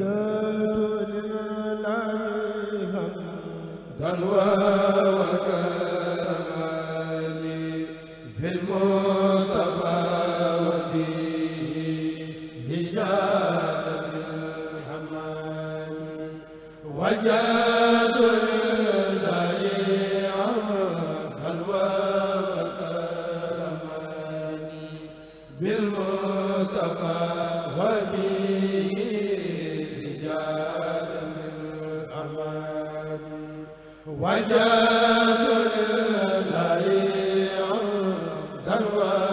jaatu lina laayi ham danwa wa man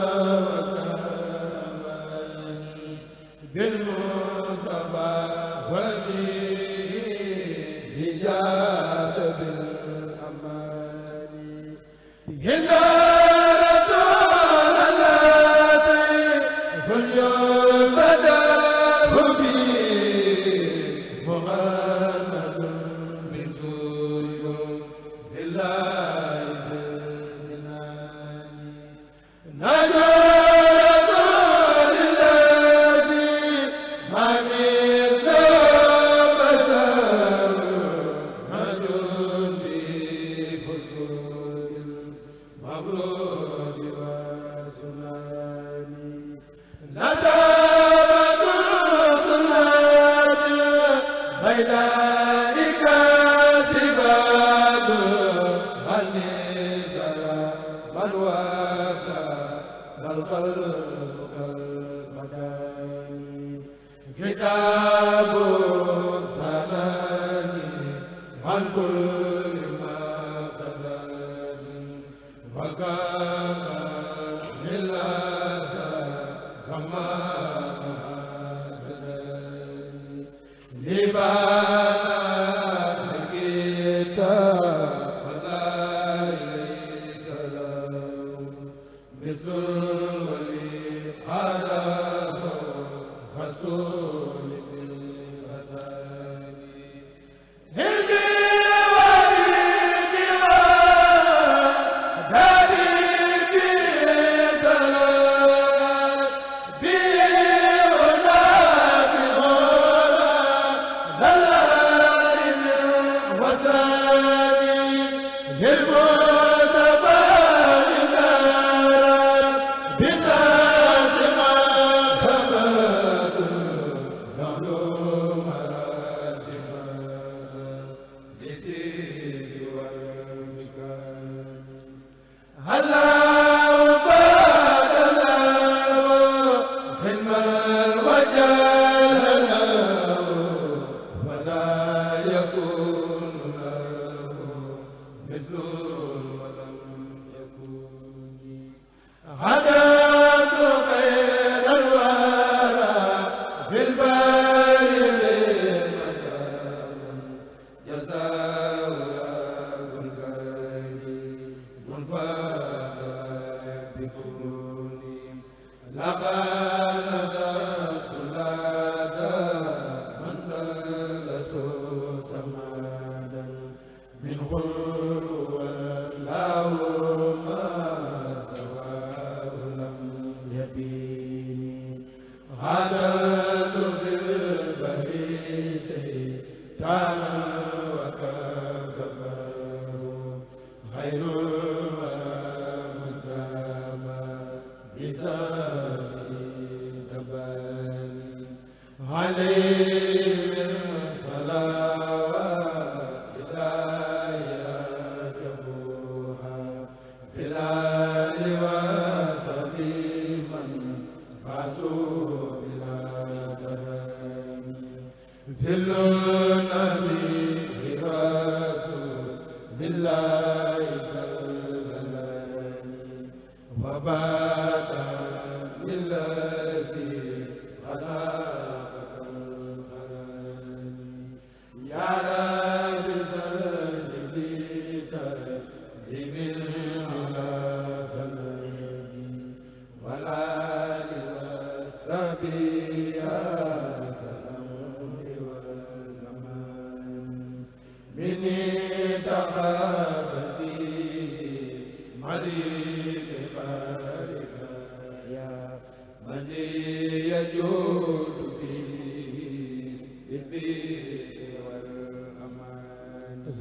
Allahumma amiin خير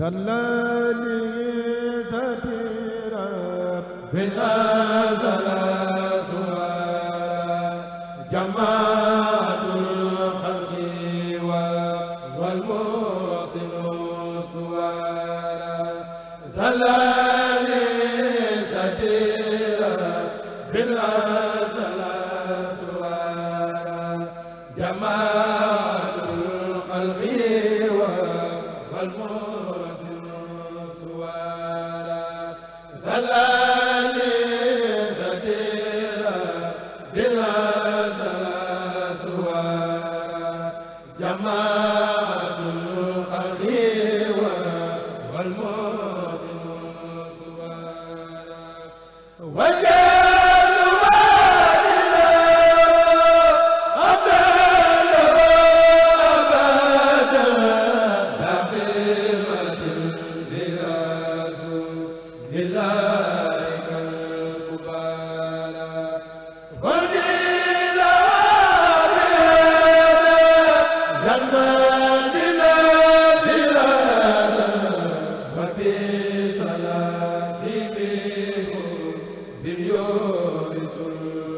sallali satira bil azala rasul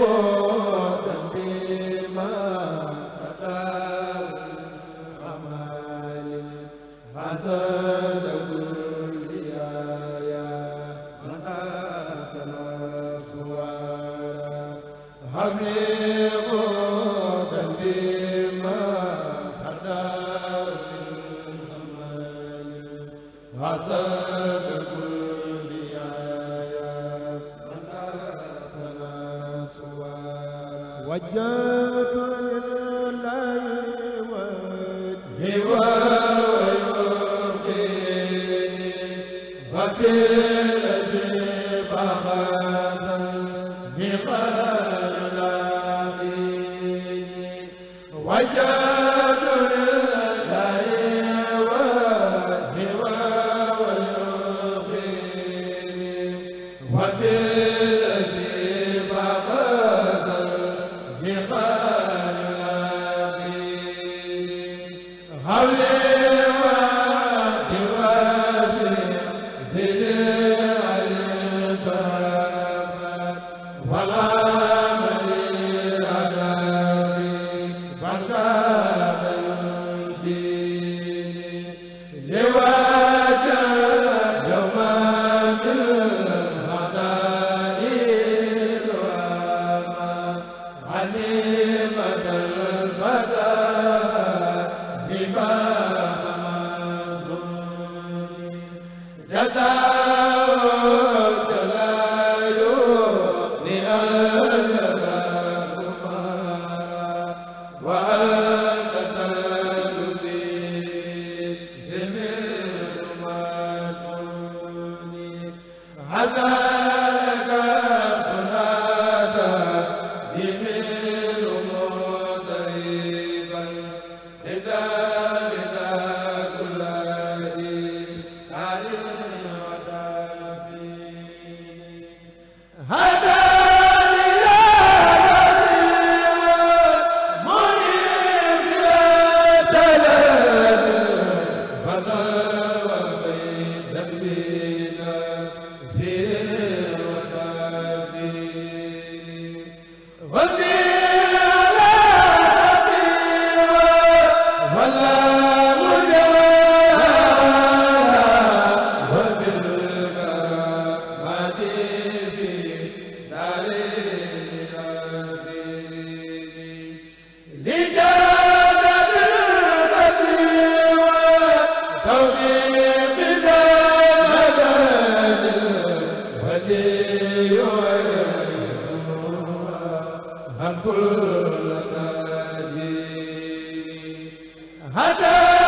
ko wajja Hallelujah la كل تاجي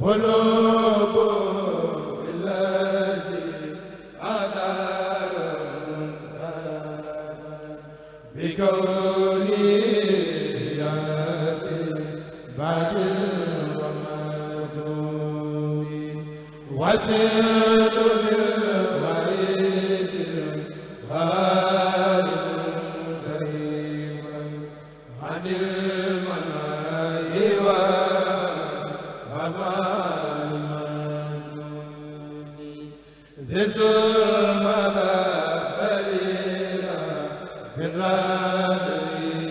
wala la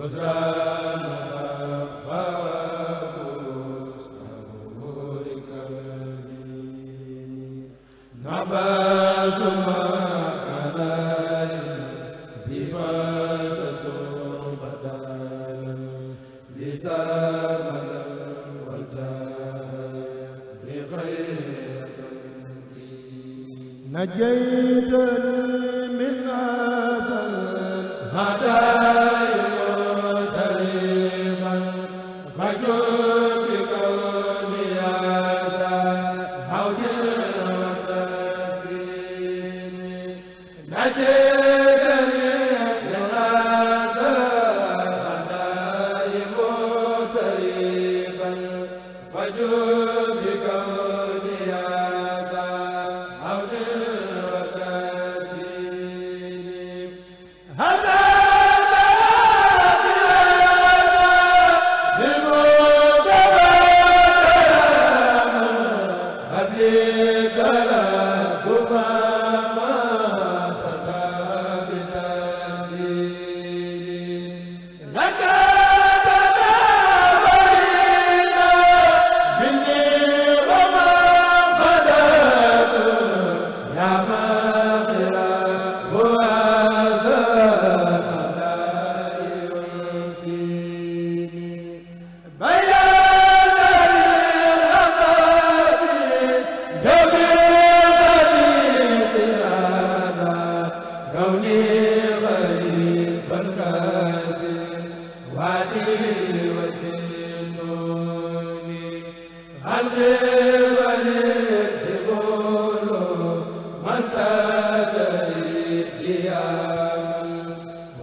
Basra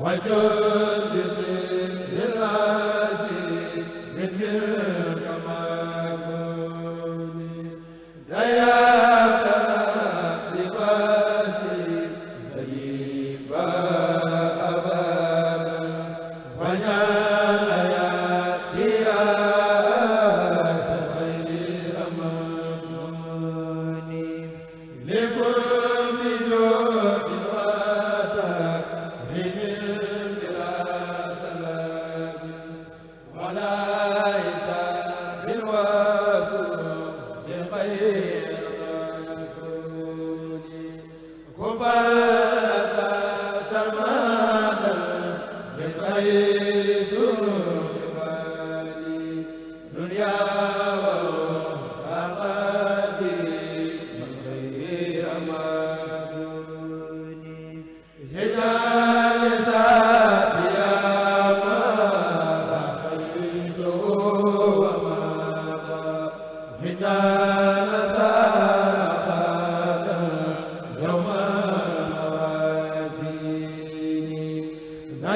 anta Bye.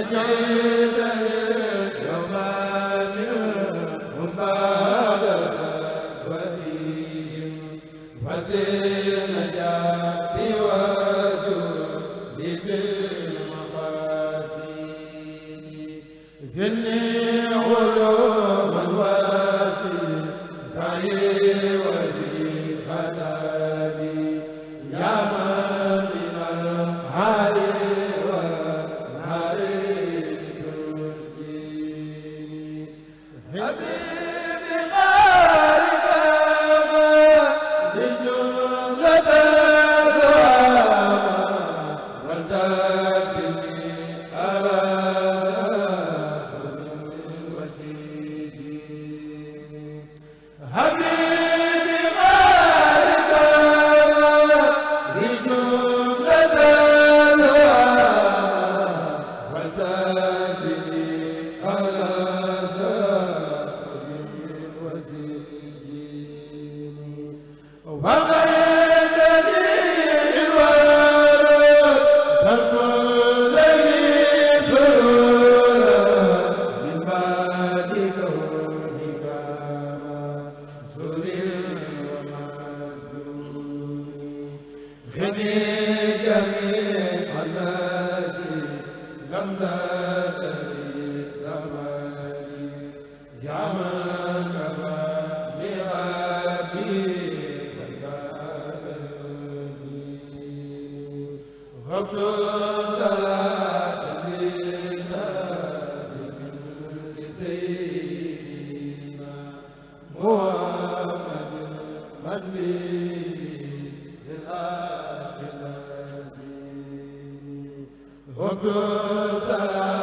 ajal وقل سلام